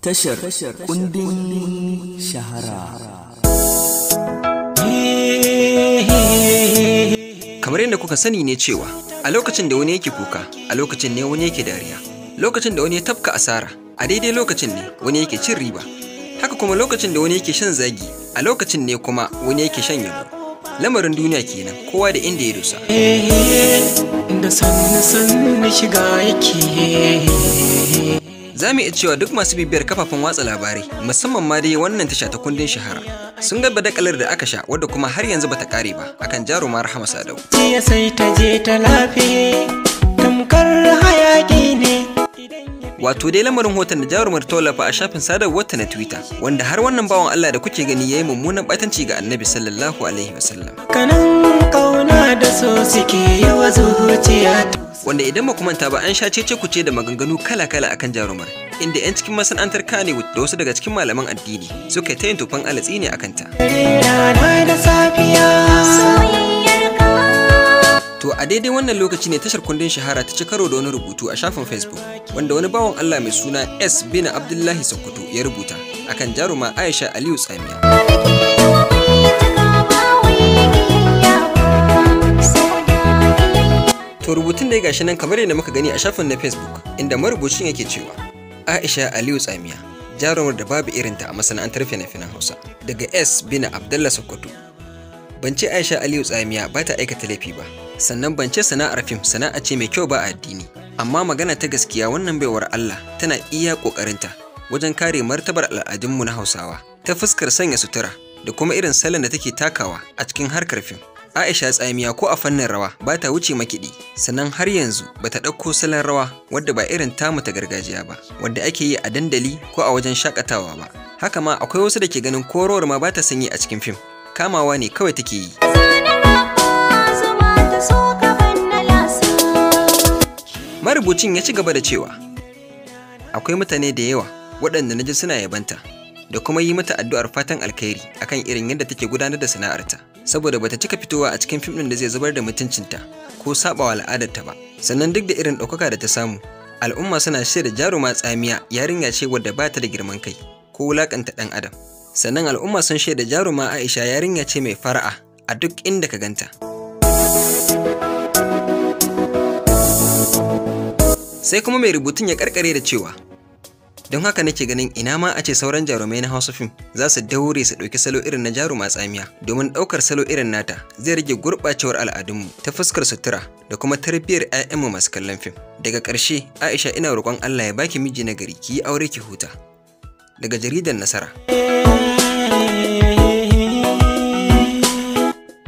tashar kundin shahara kamar yadda kuka sani ne cewa a lokacin da wani yake kuka a lokacin ne wani yake dariya lokacin da wani ya tafka asara a daidai lokacin ne wani yake cin riba haka kuma lokacin da wani yake shan zagi a lokacin ne kuma wani yake shan yabo lamarin duniya kenan kowa da inda ya dosa eh, da shiga yake Za mu iya cewa duk masu bibiyar kafafen watsa labarai, musamman ma dai wannan tasha ta kundin shahara, sun ga badakalar da aka sha wadda kuma har yanzu bata kare ba akan jarumar Rahama Sadau. sai ta je ne. Wato dai lamarin hoton da jarumar ta wallafa a shafin sadarwar ta na Twitter, wanda har wannan bawan Allah da kuke gani yayi mummunan batanci ga Annabi sallallahu alaihi wasallam. Kanan kauna da so suke yawa zuciya. wanda idan ba manta ba an sha cece kuce da maganganu kala-kala akan jarumar inda 'yan cikin masana'antar kane da wasu daga cikin malaman addini suka ta yin tufan alatsi ne akan ta. To a daidai wannan lokaci ne tashar kundin shahara ta ci karo da wani rubutu a shafin Facebook wanda wani bawan Allah mai suna S bin Abdullahi Sokoto ya rubuta akan jaruma Aisha Aliyu Tsamiya. To rubutun da ya gashi nan kamar yadda muka gani a shafin na Facebook inda marubucin yake cewa Aisha Aliyu Tsamiya jarumar da babu irinta a masana'antar fina-finan Hausa daga S Bina Abdallah Sokoto. Ban ce Aisha Aliyu Tsamiya ba ta aikata laifi ba, sannan ban ce sana'ar fim sana'a ce mai kyau ba a addini. Amma magana ta gaskiya wannan baiwar Allah tana iya ƙoƙarinta wajen kare martabar al'adunmu na Hausawa ta fuskar sanya sutura da kuma irin salon da take takawa a cikin harkar fim. Aisha tsamiya ko a fannin rawa ba ta wuce makiɗi, sannan har yanzu ba ta ɗauko salon rawa wadda ba irin tamu ta gargajiya ba, wadda ake yi a dandali ko a wajen shakatawa ba. Haka ma akwai wasu da ke ganin korowar ma ba ta sanyi a cikin fim, kamawa ne kawai take yi. Marubucin ya ci gaba da cewa, akwai mutane da yawa waɗanda na ji suna yabanta da kuma yi mata addu'ar fatan alkhairi akan irin yadda take gudanar da sana'arta. saboda bata cika fitowa a cikin fim ɗin da zai zubar da mutuncinta ko sabawa al'adarta ba sannan duk da irin ɗaukaka da ta samu al'umma suna shirya jaruma tsamiya yarinya ce wadda ba ta da girman kai ko wulakanta ɗan adam sannan al'umma sun da jaruma aisha yarinya ce mai fara'a a duk inda ka ganta sai kuma mai rubutun ya karkare da cewa don haka nake ganin ina ma a ce sauran jarumai na Hausa fim za su daure su ɗauki salo irin na jaruma tsamiya domin ɗaukar salo irin nata zai rage gurɓacewar al'adunmu ta fuskar sutura da kuma tarbiyyar 'ya'yanmu masu kallon fim daga ƙarshe Aisha ina roƙon Allah ya baki miji na gari ki yi aure ki huta daga jaridar Nasara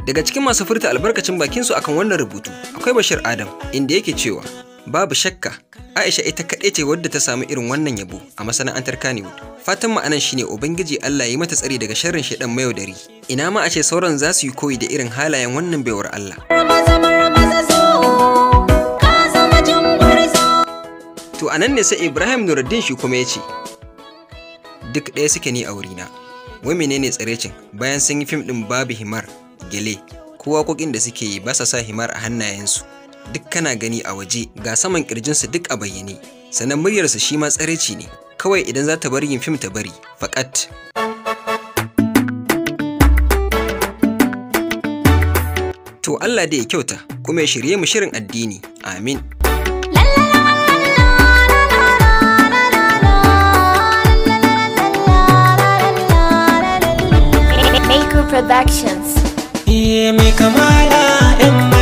Daga cikin masu furta albarkacin bakin su akan wannan rubutu akwai Bashir Adam inda yake cewa Babu shakka, Aisha ita kaɗai ce wadda ta samu irin wannan yabo a masana'antar Kaniwood. Fatan ma'anan ne Ubangiji Allah ya mata tsari daga sharrin shaidan dari Ina ma a ce sauran za su yi koyi da irin halayen wannan baiwar Allah. To a nan ne sai Ibrahim Nuruddin shi kuma ya ce, Duk ɗaya suke ni a wurina, wai menene tsarecin bayan sun yi fim ɗin babu himar, gele, Kowa waƙoƙin da suke yi ba sa sa himar a hannayensu. duk kana gani a waje ga saman kirjinsa duk a bayyane sannan muryarsa shi ma tsareci ne kawai idan za ta bari yin fim ta bari faƙat. to Allah da ya kyauta kuma ya shirye mu shirin addini amin Productions. Yeah, make a mile,